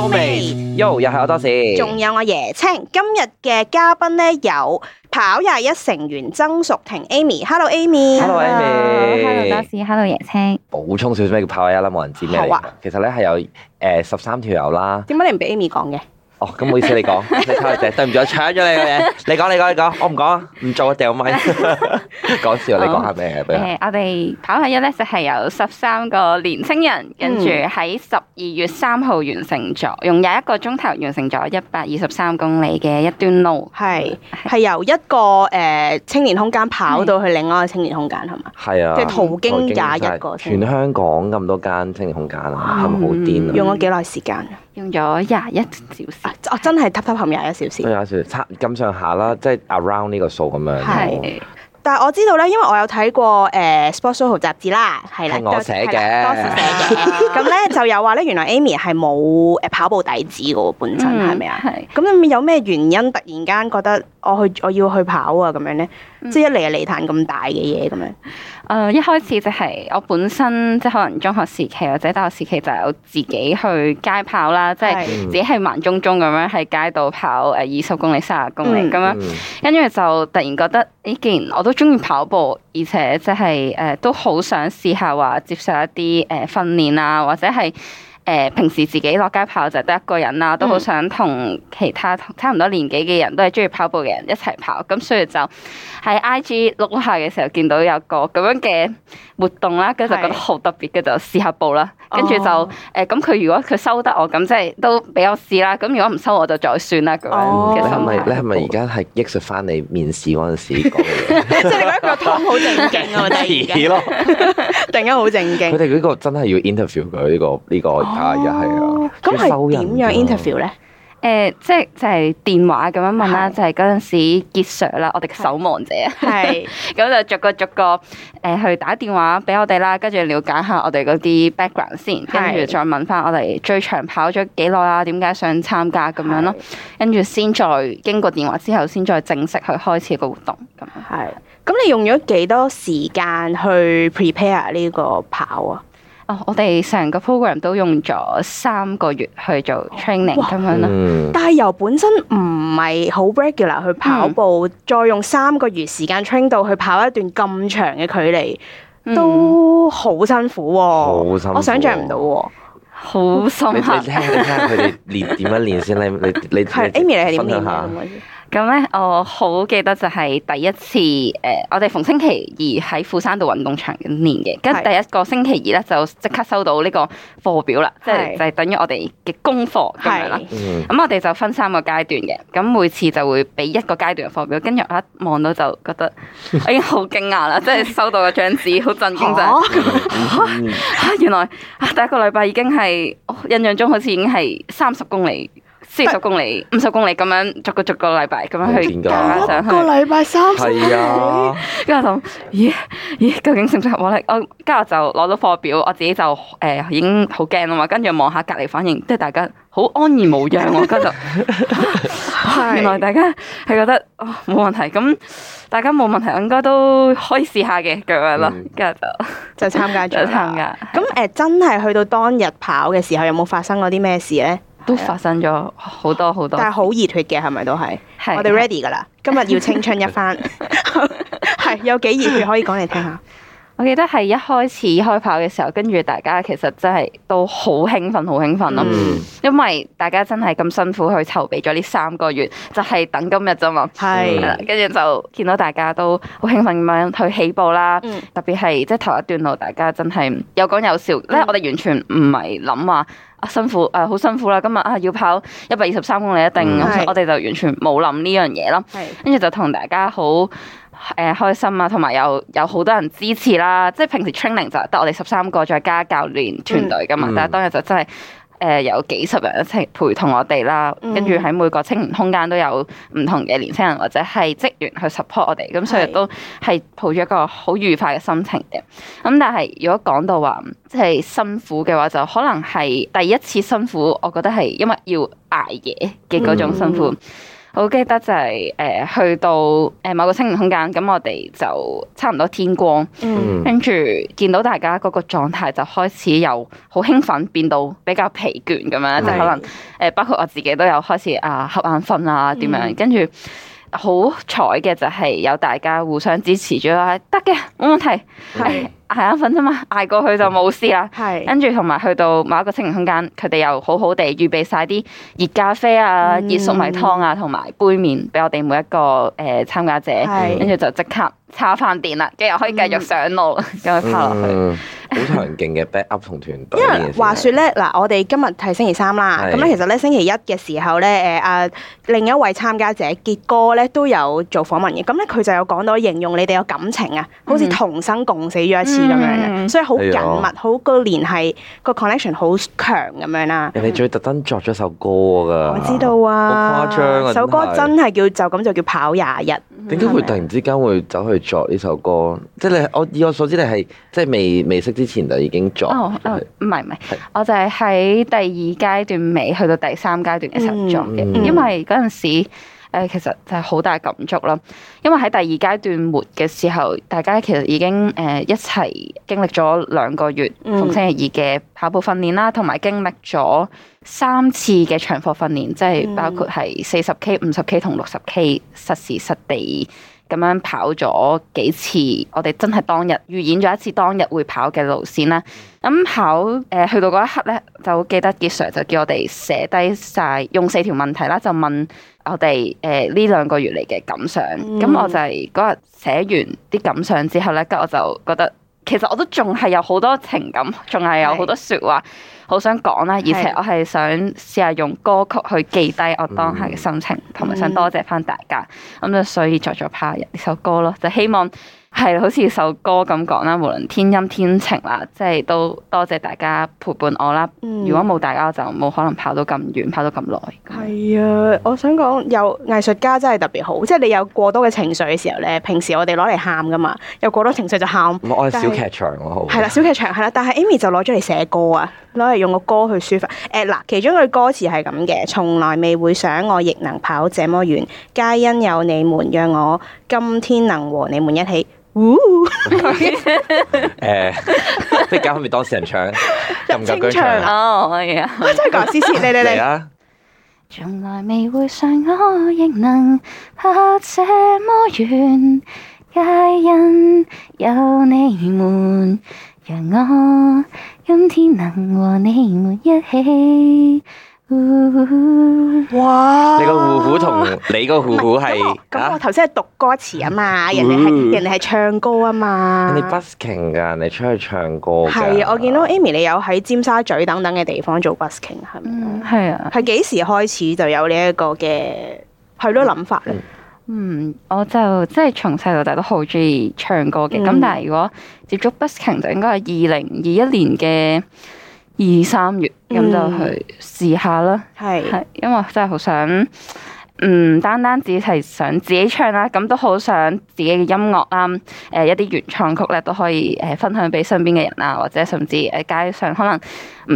周未，Hello, Me. Yo，又係我多士，仲、嗯、有我椰青。今日嘅嘉賓呢，有跑廿一成員曾淑婷 Amy，Hello Amy，Hello Amy，Hello Hello，多士，Hello 椰青。補充少少咩叫跑廿一啦，冇人知咩？啊、其實呢係有誒十三條友啦。點、呃、解你唔俾 Amy 講嘅？哦，咁好意思，你講，唔使抄你嘅。對唔住，搶咗你嘅嘢，你講，你講，你講，我唔講，唔做，掉咪，講笑，你講下咩？誒，我哋跑21咧，就係由十三個年輕人，跟住喺十二月三號完成咗，用廿一個鐘頭完成咗一百二十三公里嘅一段路，係係由一個誒青年空間跑到去另外一個青年空間，係嘛？係啊，即係途經廿一個。全香港咁多間青年空間啊，係咪好癲啊？用咗幾耐時間？用咗廿一小時，啊、我真係嗒偷行廿一小時，廿一小時差咁上下啦，即係 around 呢個數咁樣。 但係我知道咧，因為我有睇過誒 Sportsoho 雜誌啦，係啦，我寫嘅，多士寫嘅、 嗯。咁咧就有話咧，原來 Amy 係冇誒跑步底子嘅喎，本身係咪啊？咁有咩原因突然間覺得我去我要去跑啊咁樣咧？即係一嚟係泥潭咁大嘅嘢咁樣。誒，一開始就係我本身即係可能中學時期或者大學時期就有自己去街跑啦，即係自己係盲中中咁樣喺街度跑誒二十公里、三十公里咁、嗯嗯、樣，跟住就突然覺得咦，既然我都～中意跑步，而且即係誒，都好想試下話接受一啲誒訓練啊，或者係誒、呃、平時自己落街跑就得一個人啦、啊、嗯、都好想同其他差唔多年紀嘅人都係中意跑步嘅人一齊跑，咁所以就。喺 IG 碌下嘅時候見到有個咁樣嘅活動啦，跟住覺得好特別嘅就試下報啦。跟住、哦、就誒咁佢如果佢收得我咁即係都俾我試啦。咁如果唔收我就再算啦咁樣。你係咪你係咪而家係憶述翻你面試嗰陣時講嘅嘢？即係嗰個湯好正經啊！突然間，突然間好正經。佢哋嗰個真係要 interview 佢呢個呢個啊！又係啊，咁係點樣 interview 咧？誒、呃，即係即係電話咁樣問啦，是就係嗰陣時傑 Sir 啦，我哋嘅守望者。係是，咁 就逐個逐個誒、呃、去打電話俾我哋啦，跟住了解下我哋嗰啲 background 先，跟住再問翻我哋最長跑咗幾耐啊，點解想參加咁樣咯，跟住先再經過電話之後，先再，再正式去開始個活動咁樣。咁你用咗幾多時間去 prepare 呢個跑啊？啊！我哋成個 program 都用咗三個月去做 training 咁樣咯，嗯、但係由本身唔係好 regular 去跑步，嗯、再用三個月時間 training 到去跑一段咁長嘅距離，都好辛苦喎。好、嗯、辛我想象唔到喎，好深刻。你聽，你聽佢哋練點樣練先？你你你係 Amy， 你係點？分兩咁咧、嗯，我好記得就係第一次誒、呃，我哋逢星期二喺斧山道運動場練嘅，跟第一個星期二咧就即刻收到呢個課表啦，即係是就係等於我哋嘅功課咁樣啦。咁我哋就分三個階段嘅，咁每次就會俾一個階段嘅課表。跟住我一望到就覺得我已經好驚訝啦， 即係收到嗰張紙好震驚就嚇，啊、 原來第一個禮拜已經係、哦、印象中好似已經係三十公里。四十 40 但公里、五十公里咁樣，逐個逐個禮拜咁樣去上、啊、去，一個禮拜三十。係啊！跟住我諗，咦咦？究竟適唔適合我咧？我跟住就攞到貨表，我自己就誒、呃、已經好驚啊嘛！跟住望下隔離反應，即係大家好安然無恙喎。跟住 原來大家係覺得哦冇問題，咁大家冇問題應該都可以試下嘅咁樣咯。跟住就、嗯、就參加咗啦。咁誒，的真係去到當日跑嘅時候，時有冇發生過啲咩事咧？都發生咗好多好多， 但係好熱血嘅係咪都係？係係是的 我哋 ready 㗎喇， 今日要青春一番，係 有幾熱血可以講嚟聽下。我記得係一開始開跑嘅時候，跟住大家其實真係都好興奮，好興奮咯，嗯、因為大家真係咁辛苦去籌備咗呢三個月，就係、是、等今日啫嘛。係是，跟住、嗯、就見到大家都好興奮咁樣去起步啦。嗯、特別係即係頭一段路，大家真係有講有笑咧。嗯、我哋完全唔係諗話啊辛苦，誒、啊、好辛苦啦。今日啊要跑一百二十三公里一，一定、嗯、是我哋就完全冇諗呢樣嘢咯。係是，跟住就同大家好。誒、呃、開心啊，同埋有有好多人支持啦、啊。即係平時 training 就得我哋十三個再加教練團隊㗎嘛，嗯、但係當日就真係誒、呃、有幾十人一齊陪同我哋啦。跟住喺每個青年空間都有唔同嘅年輕人或者係職員去 support 我哋，咁所以都係抱住一個好愉快嘅心情嘅。咁、嗯嗯、但係如果講到話即係辛苦嘅話，就可能係第一次辛苦。我覺得係因為要捱夜嘅嗰種辛苦。嗯嗯我記得就係、是、誒、呃、去到誒、呃、某個青年空間，咁我哋就差唔多天光，跟住、嗯、見到大家嗰個狀態就開始由好興奮變到比較疲倦咁樣，即係、嗯、可能誒、呃、包括我自己都有開始啊瞌眼瞓啊點樣，跟住。嗯好彩嘅就係有大家互相支持咗，嘛，得嘅冇問題，捱眼瞓啫嘛，捱過去就冇事啦。係跟住同埋去到某一個清涼空間，佢哋又好好地預備晒啲熱咖啡啊、嗯、熱粟米湯啊，同埋杯麵俾我哋每一個誒、呃、參加者，跟住是就即刻插翻電啦，跟住又可以繼續上路，跟住跑落去。嗯嗯嗯好強勁嘅 back up 同團隊。因為話説咧，嗱，我哋今日係星期三啦，咁咧是其實咧星期一嘅時候咧，誒、呃、啊另一位參加者傑哥咧都有做訪問嘅，咁咧佢就有講到形容你哋嘅感情啊，嗯、好似同生共死咗一次咁樣嘅，嗯、所以好緊密，好的個連係個 connection 好強咁樣啦。人哋的、嗯、最特登作咗首歌㗎，我知道啊，好、啊、誇張啊，是首歌真係叫就咁就叫跑廿一。點解會突然之間會走去作呢首歌？即係你，我以我所知，你係即係未未識之前就已經作。哦，唔係唔係，我就係喺第二階段尾去到第三階段嘅時候作嘅。嗯嗯、因為嗰陣時。誒，其實就係好大感觸啦，因為喺第二階段末嘅時候，大家其實已經誒一齊經歷咗兩個月逢星期二嘅跑步訓練啦，同埋經歷咗三次嘅長課訓練，即係包括係四十 K、五十 K 同六十 K 實時實地。咁樣跑咗幾次，我哋真係當日預演咗一次當日會跑嘅路線啦。咁跑誒去到嗰一刻咧，就記得杰 Sir 就叫我哋寫低晒用四條問題啦，就問我哋誒呢兩個月嚟嘅感想。咁、嗯、我就係嗰日寫完啲感想之後咧，咁我就覺得其實我都仲係有好多情感，仲係有好多説話。好想講啦，而且我係想試下用歌曲去記低我當下嘅心情，同埋、嗯、想多謝翻大家。咁就、嗯、所以作咗拍呢首歌咯，就希望係好似首歌咁講啦。無論天陰天晴啦，即係都多謝大家陪伴我啦。如果冇大家，我就冇可能跑到咁遠，跑到咁耐。係、嗯、這樣 啊，我想講有藝術家真係特別好，即係你有過多嘅情緒嘅時候咧，平時我哋攞嚟喊㗎嘛，有過多情緒就喊、嗯。我係小劇場我好。係啦是，小劇場係啦，但係 Amy 就攞咗嚟寫歌啊。攞嚟用個歌去抒發，誒嗱，其中句歌詞係咁嘅，從來未會想我亦能跑這麼遠，皆因有你們，讓我今天能和你們一起。誒，即係交翻俾當事人唱，入場啊！真係講詩詩，你你你啊！從來未會想我亦能跑這麼遠，皆因有你們。讓我今天能和你們一起。哦、哇！哇你個呼呼同你個呼呼係啊？咁我頭先係讀歌詞啊嘛，人哋係人哋係唱歌啊嘛。你 busking 㗎，人哋出去唱歌。係，我見到 Amy 你有喺尖沙咀等等嘅地方做 busking，係咪？係啊，係幾時開始就有呢一個嘅係咯諗法咧？嗯嗯，我就即係從細到大都好中意唱歌嘅，咁、嗯、但係如果接觸 busking 就應該係二零二一年嘅二三月，咁、嗯、就去試下啦。係是，因為真係好想，唔、嗯、單單只係想自己唱啦，咁都好想自己嘅音樂啦，誒、呃、一啲原創曲咧都可以誒分享俾身邊嘅人啊，或者甚至喺街上可能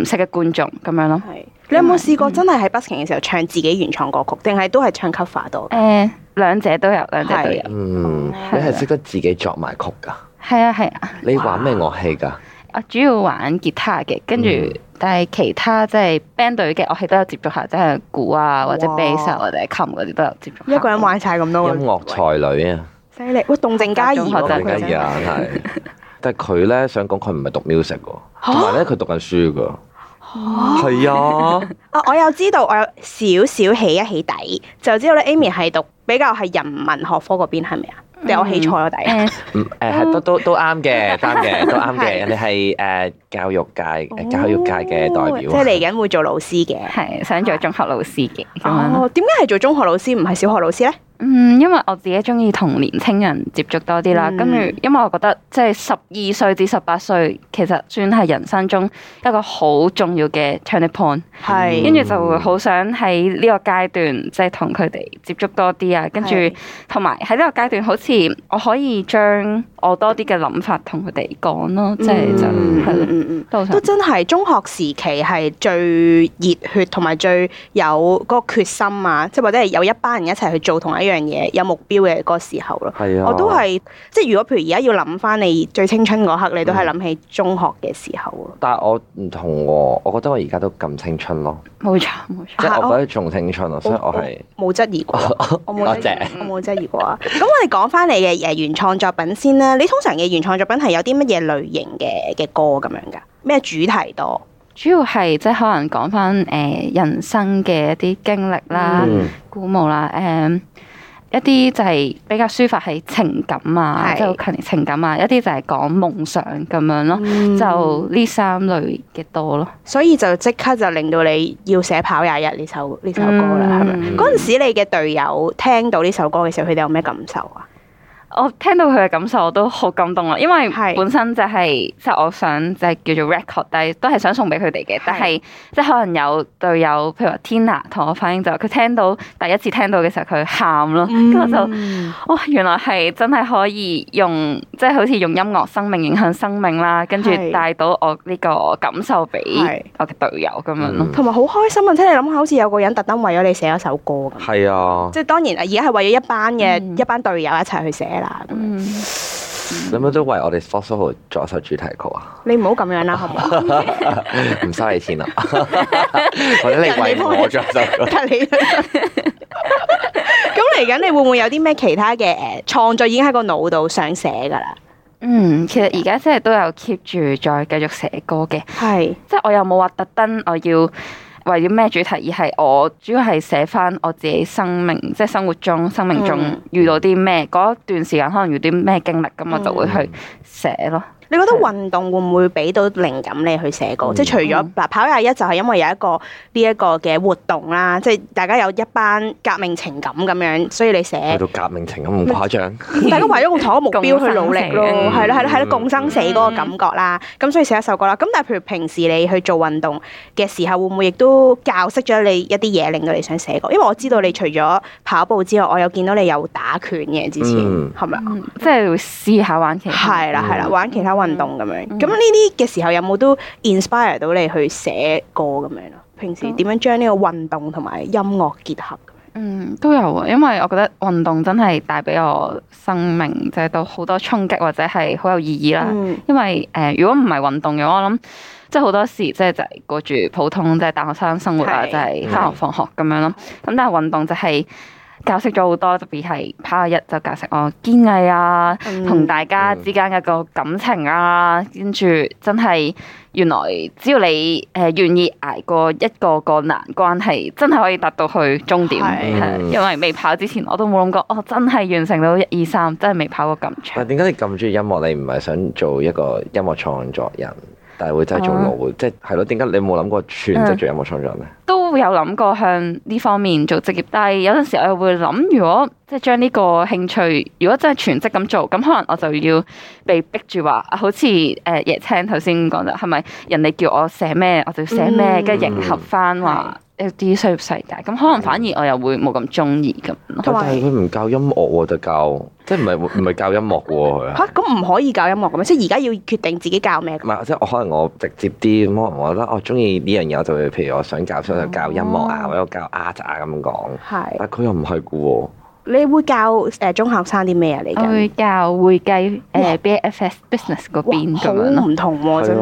唔識嘅觀眾咁樣咯。係是，嗯、你有冇試過真係喺 busking 嘅時候唱自己原創歌曲，定係都係唱 cover 到？誒、呃。兩者都有，兩者都有。嗯，你係識得自己作埋曲㗎？係啊，係啊。你玩咩樂器㗎？我主要玩吉他嘅，跟住但係其他即係 band 隊嘅樂器都有接觸下，即係鼓啊或者 bass 或者琴嗰啲都有接觸。一個人玩晒咁多，音樂才女啊！犀利，哇！動靜皆宜啊，係。但係佢咧想講，佢唔係讀 music 㗎，同埋咧佢讀緊書㗎。哦，係啊呀！啊， 我，我有知道，我有少少起一起底，就知道咧。Amy 係讀比較係人文學科嗰邊，係咪啊？定，嗯、我起錯咗底。嗯，誒、 嗯，係都都都啱嘅，啱嘅，都啱嘅。人哋係誒教育界誒、哦、教育界嘅代表，即係嚟緊會做老師嘅，係想做中學老師嘅。哦，啊，點解係做中學老師唔係小學老師咧？嗯，因為我自己中意同年青人接觸多啲啦，跟住、嗯、因為我覺得即係十二歲至十八歲其實算係人生中一個好重要嘅 turning point，係跟住就會好想喺呢個階段即係同佢哋接觸多啲啊，跟住同埋喺呢個階段好似我可以將我多啲嘅諗法同佢哋講咯，即係就係、是、咯、就是嗯，都，都真係中學時期係最熱血同埋最有嗰個決心啊，即係或者係有一班人一齊去做同一樣。樣嘢有目標嘅嗰個時候咯，我都係即係如果譬如而家要諗翻你最青春嗰刻，你都係諗起中學嘅時候啊。但係我唔同喎，我覺得我而家都咁青春咯，冇錯冇錯，即係我覺得仲青春啊，所以我係冇質疑過，我冇質疑，我冇質疑過啊。咁我哋講翻你嘅、誒原創作品先啦，你通常嘅原創作品係有啲乜嘢類型嘅嘅歌咁樣噶？咩主題多？主要係即係可能講翻、誒人生嘅一啲經歷啦、鼓舞啦，誒。一啲就係比較抒發係情感啊，即係好強烈情感啊，一啲就係講夢想咁樣咯，嗯、就呢三類嘅多咯，所以就即刻就令到你要寫跑廿一呢首呢首歌啦，係咪？嗰陣時你嘅隊友聽到呢首歌嘅時候，佢哋有咩感受啊？我聽到佢嘅感受，我都好感動啊！因為本身就係、是、是即係我想即係、就是、叫做 record，但係都係想送俾佢哋嘅。是但係即係可能有隊友，譬如話 Tina 同我反映就，佢聽到第一次聽到嘅時候，佢喊咯。咁、嗯、我就哦，原來係真係可以用即係好似用音樂生命影響生命啦，跟住帶到我呢個感受俾我嘅隊友咁樣咯。同埋好開心啊！即係你諗下，好似有個人特登為咗你寫一首歌咁。係啊，即係當然啊，而家係為咗一班嘅、嗯、一班隊友一齊去寫。啦，咁， 有冇都為我哋作一首主題曲啊？你唔好咁樣啦，好唔好？唔嘥你錢啦，或者你為我作一首。得你。咁嚟緊你會唔會有啲咩其他嘅，誒，創作已經喺個腦度想寫噶啦？嗯，其實而家即係都有 keep 住再繼續寫歌嘅，係是，即係我又冇話特登我要。為咗咩主題？而係我主要係寫返我自己生命，即係生活中生命中遇到啲咩，嗰、嗯、一段時間可能遇到啲咩經歷，咁、嗯、我就會去寫咯。你覺得運動會唔會俾到靈感你去寫歌？嗯、即係除咗嗱跑廿一就係因為有一個呢一個嘅活動啦，即係大家有一班革命情感咁樣，所以你寫到革命情感咁誇張，大家 為咗同一個一個目標去努力咯，係啦係啦係啦，共生死嗰個感覺啦，咁、嗯、所以寫一首歌啦。咁但係譬如平時你去做運動嘅時候，會唔會亦都教識咗你一啲嘢，令到你想寫歌？因為我知道你除咗跑步之外，我有見到你有打拳嘅之前，係咪啊？係係即係試下玩其他啦係啦，玩其他，玩其他玩。嗯運動咁樣，咁呢啲嘅時候有冇都 inspire 到你去寫歌咁樣咯？平時點樣將呢個運動同埋音樂結合？嗯，都有啊，因為我覺得運動真係帶俾我生命，即係都好多衝擊或者係好有意義啦。嗯、因為誒、呃，如果唔係運動嘅話，我諗即係好多時即係就係過住普通即係大學生生活啊，是就係翻學放學咁樣咯。咁、嗯、但係運動就係、是。教識咗好多，特別係跑下一就教識我、哦、堅毅啊，同、嗯、大家之間嘅個感情啊，跟住真係原來只要你誒願意捱過一個個難關係，係真係可以達到去終點。因為未跑之前我都冇諗過，我、哦、真係完成到一二三，真係未跑過咁長。但係點解你咁中意音樂？你唔係想做一個音樂創作人？但係會真係做路，啊、即係係咯？點解你冇諗過全職做有冇創作咧、嗯？都有諗過向呢方面做職業，但係有陣時我又會諗，如果即係將呢個興趣，如果真係全職咁做，咁可能我就要被逼住話，好似誒 y e h 頭先講，就係咪人哋叫我寫咩，我就寫咩，跟住、嗯、迎合翻話。嗯嗯。啲商業世界咁，可能反而我又會冇咁中意咁。但係佢唔教音樂喎、啊，就教 即係唔係唔係教音樂嘅喎佢啊？嚇 是！咁唔、啊、可以教音樂嘅、啊、咩？即係而家要決定自己教咩？唔係即係我可能我直接啲咁，可能我覺得我中意呢樣嘢，我就會譬如我想教，就想教音樂啊，哦、或者教 art 啊咁講。係、哦。但佢又唔係嘅喎。你會教誒中學生啲咩啊？你會教會計誒 BFS business 嗰哇邊咁樣唔同喎、啊，真係，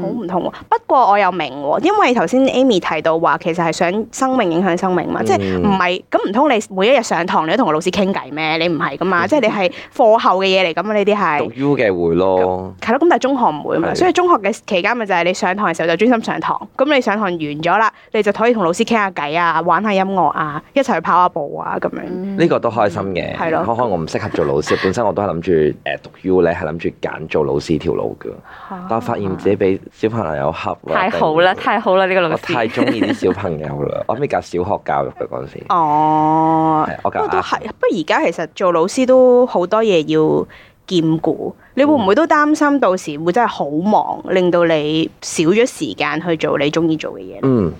好唔的、嗯、同喎、啊。不過我又明喎、啊，因為頭先 Amy 提到話，其實係想生命影響生命嘛，嗯、即係唔係咁唔通你每一日上堂你都同個老師傾偈咩？你唔係噶嘛，嗯、即係你係課後嘅嘢嚟咁嘛，呢啲係讀 U 嘅會咯，係咯，咁但係中學唔會嘛。是的 所以中學嘅期間咪就係你上堂嘅時候就專心上堂，咁你上堂完咗啦，你就可以同老師傾下偈啊，玩下音樂啊，一齊去跑下步啊。咁樣呢個都開心嘅。可可，我唔適合做老師，本身我都係諗住誒讀 U 咧，係諗住揀做老師條路嘅。但我發現自己俾小朋友合啦。太好啦！太好啦！呢個老師，我太中意啲小朋友啦。我諗你教小學教育嘅嗰陣時。哦。不過，不過而家其實做老師都好多嘢要兼顧。你會唔會都擔心到時會真係好忙，令到你少咗時間去做你中意做嘅嘢？嗯。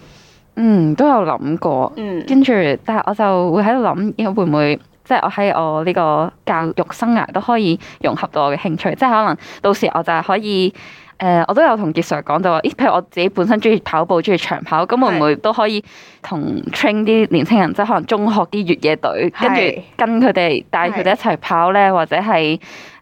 嗯，都有諗過，跟住、嗯、但係我就會喺度諗，依家會唔會即係、就是、我喺我呢個教育生涯都可以融合到我嘅興趣，即、就、係、是、可能到時我就係可以誒、呃，我都有同杰 Sir 講到話，咦，譬如我自己本身中意跑步，中意長跑，咁是會唔會都可以同 train 啲年輕人，即、就、係、是、可能中學啲越野隊，跟住跟佢哋是帶佢哋一齊跑咧，或者係。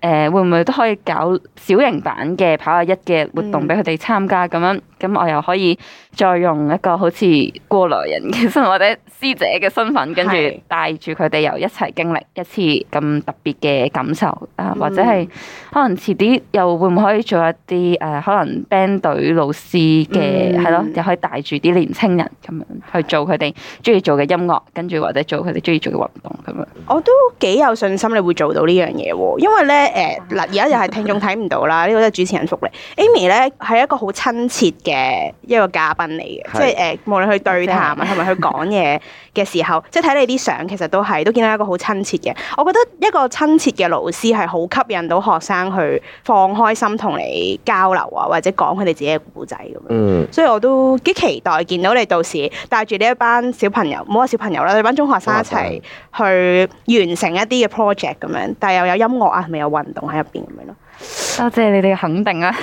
誒會唔會都可以搞小型版嘅跑21嘅活動俾佢哋參加咁、嗯、樣，咁我又可以再用一個好似過來人嘅身份，或者師姐嘅身份，跟住帶住佢哋又一齊經歷一次咁特別嘅感受啊，嗯、或者係可能遲啲又會唔會可以做一啲誒、呃、可能 band 隊老師嘅係咯，又、嗯、可以帶住啲年青人咁樣去做佢哋中意做嘅音樂，跟住或者做佢哋中意做嘅運動咁樣。我都幾有信心你會做到呢樣嘢喎，因為咧誒嗱，而家又係聽眾睇唔到啦，呢 個都係主持人福利。Amy 咧係一個好親切嘅一個嘉賓嚟嘅， 即係誒無論佢對談啊，係咪佢講嘢嘅時候， 即係睇你啲相，其實都係都見到一個好親切嘅。我覺得一個親切嘅老師係好吸引到學生去放開心同你交流啊，或者講佢哋自己嘅故仔咁。嗯， 所以我都幾期待見到你到時帶住呢一班小朋友，唔好話小朋友啦，你班中學生一齊去。 完成一啲嘅 project 咁樣，但係又有音樂啊，咪有運動喺入邊咁樣咯。多謝你哋嘅肯定啊！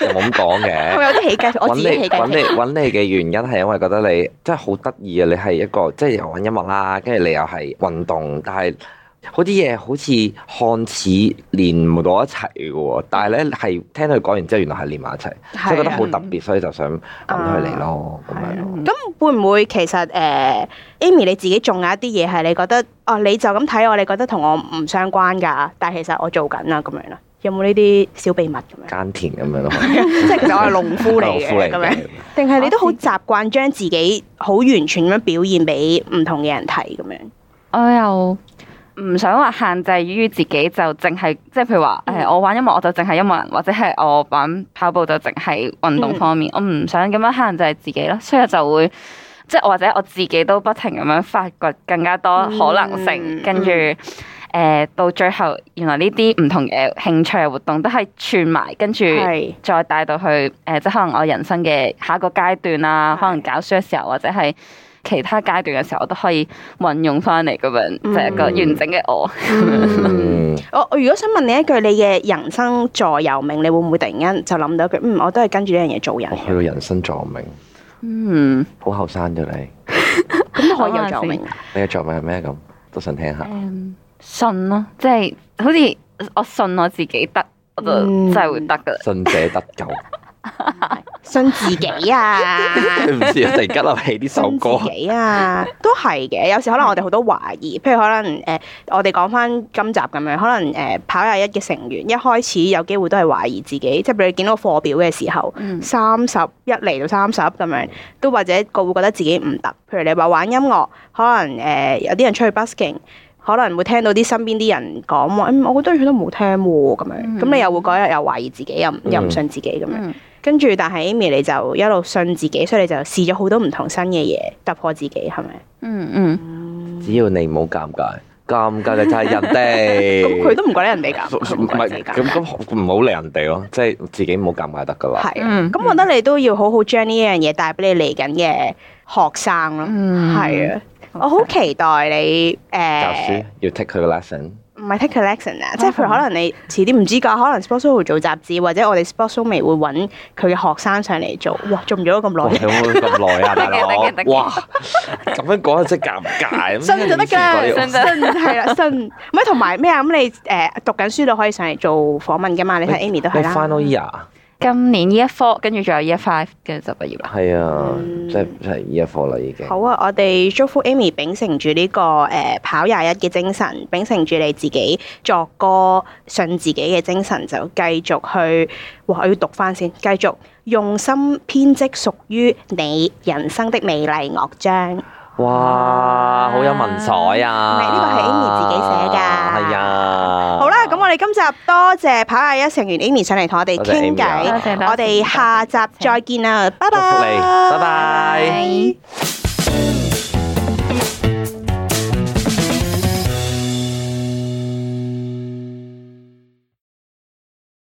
冇咁講嘅，我有啲喜劇，我自己喜劇嚟。揾你揾你揾你嘅原因係因為覺得你真係好得意啊！你係一個即係又玩音樂啦，跟住你又係運動，但係啲嘢好似看似連唔到一齊嘅喎，但係咧係聽佢講完之後，原來係連埋一齊，的即係覺得好特別，所以就想揼佢嚟咯。咁、啊、樣咁、嗯、會唔會其實誒、呃、Amy 你自己仲有一啲嘢係你覺得哦、啊，你就咁睇我，你覺得同我唔相關㗎，但係其實我做緊啊咁樣啦，有冇呢啲小秘密咁樣？耕田咁樣咯，樣樣樣 即係其實我係農夫嚟嘅咁樣，定係 是你都好習慣將自己好完全咁樣表現俾唔同嘅人睇咁樣？我又。唔想話限制於自己，就淨係即係譬如話誒、嗯哎，我玩音樂我就淨係音樂人，或者係我玩跑步就淨係運動方面。嗯、我唔想咁樣限制自己咯，所以就會即係或者我自己都不停咁樣發掘更加多可能性，嗯、跟住誒、呃、到最後原來呢啲唔同嘅興趣嘅活動都係串埋，跟住再帶到去誒是、呃，即係可能我人生嘅下一個階段啦，是 可能教書嘅時候或者係，其他階段嘅時候，我都可以運用翻嚟咁樣，就係一個完整嘅我。我我如果想問你一句，你嘅人生座右銘，你會唔會突然間就諗到一句？嗯，我都係跟住呢樣嘢做人。我去到人生座右銘，嗯，好後生嘅你。咁都可以有座右銘。你嘅座右銘係咩？咁都想聽下。信咯，即係好似我信我自己得，我就真係會得噶啦。信者得救。信自己啊！唔 知啊，突然吉流起呢首歌。信自己啊，都係嘅。有時可能我哋好多懷疑，譬如可能誒、呃，我哋講翻今集咁樣，可能誒、呃，跑廿一嘅成員一開始有機會都係懷疑自己，即係譬如你見到課表嘅時候，三十、嗯、一嚟到三十咁樣，都或者都會覺得自己唔得。譬如你話玩音樂，可能誒、呃、有啲人出去 busking，可能會聽到啲身邊啲人講話、哎，我覺得佢都唔好聽喎、啊、咁樣。咁、嗯、你又會嗰日又懷疑自己，又又唔信自己咁樣。嗯嗯跟住，但係 Amy 你就一路信自己，所以你就試咗好多唔同新嘅嘢突破自己，係咪、嗯？嗯嗯。只要你唔好尷尬，尷尬嘅就係人哋，佢都唔怪得人哋噶，唔係咁咁唔好理人哋咯，即、就、係、是、自己唔好尷尬得噶啦。係嗯，咁我覺得你都要好好將呢樣嘢帶俾你嚟緊嘅學生咯，係啊，我好期待你誒，呃、教書要 take 佢個 lesson。唔係 take collection 啊、哦，即係譬如可能你遲啲唔知㗎，可能 sports、哦、show 會做雜誌，或者我哋 Sportsoho 咪會揾佢嘅學生上嚟做，做做哇，做唔做得咁耐？做唔做得咁耐啊，大佬？ 哇，咁樣講真尷尬，信就得㗎，信係啦，信。唔係同埋咩啊？咁 你誒讀緊書都可以上嚟做訪問㗎嘛？你睇 Amy 都係啦。今年呢一科，跟住仲有呢一 five，嘅就畢業啦。係啊，嗯、即係呢一科啦，已經。好啊，我哋祝福 Amy 秉承住呢、這個誒、呃、跑廿一嘅精神，秉承住你自己作歌信自己嘅精神，就繼續去。哇，我要讀翻先，繼續用心編織屬於你人生的美麗樂章。哇，啊、好有文采啊！呢、啊，這個係 Amy 自己寫噶。係啊，好啦。我哋今集多謝跑21成員 Amy 上嚟同我哋傾偈，我哋下集再見啦，拜拜，拜拜 bye。